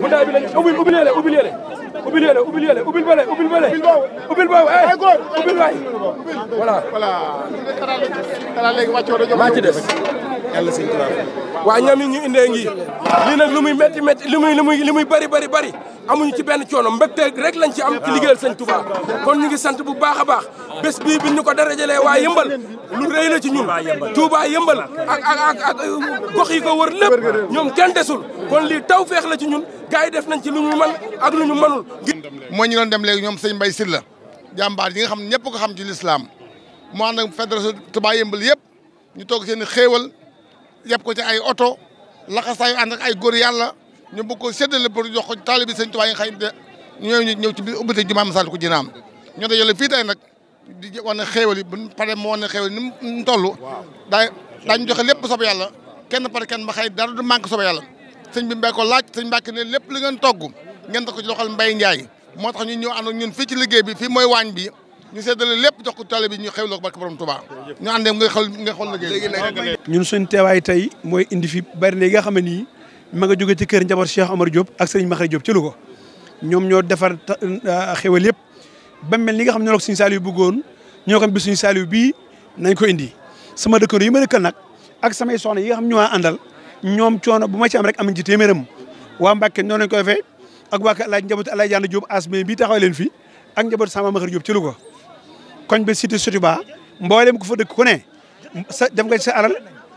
mundaay bi lañu ubbil ubbil yële ubbil yële ubbil yële ubbil yële ubbil bële ubbil bële ubbil boobu ay góor ubbil waay voilà voilà léegi wàcc ci des yàlla sëñ Tuubaa waaw ñoom it ñu indee ngi lii nag lu muy métti métti li muy li muy li muy bari bëri bëri amuñu ci benn coono mbégte rek lañ ci am ci liggéeyal sëñ Tuubaa kon ñu ngi sant bu baax a baax bés bii bi ñu ko darajalee waa yëmbal lu rëy la ci ñun Touba yëmbal ak ak ak ak euh, gox yi ko wër lépp ñoom kenn desul kon lii taw feex la ci ñun gars yi def nañ ci lu ñu man ak lu ñu mënul moo ñu doon dem léegi ñoom sëñ Mbay Sylla jàmbaar yi nga xam ñëpp ko xam ci lislaam mu ànd ak fédération Touba yëpp ñu toog seen xéewal yeb ko ci ay oto laxasaayu ànd ak ay góor yàlla ñu bëgg ko séddale pour jox ko taalibi sëñ Tuubaa yi xay xam ne ñooñu ñëw ci biir ubbite jumaa Masaalikul Jinaan ñoo dajale fii tey nag di na xéewal yi buñ paree moo wane xéewal yi ni mu toll daa daañu joxe lépp sob yàlla kenn par kenn ba xëy dara du manque sob yàlla sëñ bi mbéy ko laaj sëñ Mbàkke nee lépp li ngeen togg ngeen da ko ci loxol Mbay Njaay moo tax ñu ñëw ànd ak ñun fii ci liggéey bi fii mooy waañ bi ñu seddale lépp jox ko tali bi ñu xewloo ko barke borom Touba ñu àndee nga xool nga xool teewaay tey mooy indi fi bari na yi nga xam ne nii ma nga jóge ci kër njaboot Cheikh Omar Diop ak Serigne Makhari Diop ci lu ko ñoom ñoo defar euh, xewal yëpp ba mel ni nga xam ne loog suñu Saliou bëggoon ñoo xam bi suñu Saliou bii nañ ko indi sama dëkkandoo yi ma dëkkal nag ak samay soxna yi nga xam ñu waa àndal ñoom coono bu ma ci am rek am nañ ci téeméeram waa Mbàkke noonu lañ koy fee ak waa Alaaji njabootu Alaaji Jaana Diop asme bii taxaw leen fi ak njabootu sama Makhari Diop ci lu koñ ba cité Sotiba mboolem ku fa dëkk ku ne sa dem nga ci sa alal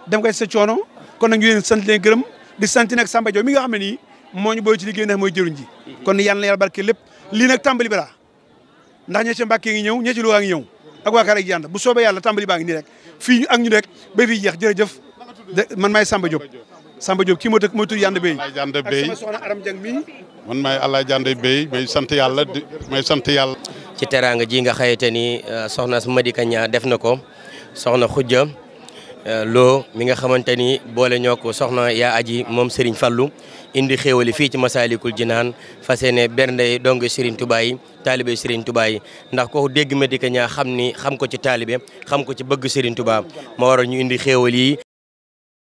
dem nga ci sa coono kon nag ñu leen sant gërëm di sant nag Samba Diaw mi nga xam ne nii moo ñu booy ci liggéey ndax mooy jëruñ ji kon yal na yàlla barke lépp lii nag tàmbali bi la ndax ñe ci Mbàkke ñëw ñe ci Luwaa ngi ñëw ak waa Kaare bu soobee yàlla tambali baa ngi nii rek fii ak ñu rek ba fii jeex jërëjëf man maay Samba Diop Samba Diop kii moo tëkk mooy tudd Yande Bey ak sama soxna Aram Dieng mii man maay Alla Jande may sant yàlla may sant yàlla ci teraanga ji nga xayete ni euh, soxna Madika Ñaa def na ko soxna Xujja euh, loo mi nga xamante ni boole ñoo ko soxna ya aji moom Serigne fallu indi xéewali fii ci Masaalikul Jinaan fas yéene bernde dong Serigne Touba yi taalibe Serigne Touba yi ndax ko dégg Madika Ñaa xam ni xam ko ci taalibe xam ko ci bëgg Serigne Touba moo waral ñu indi xéewal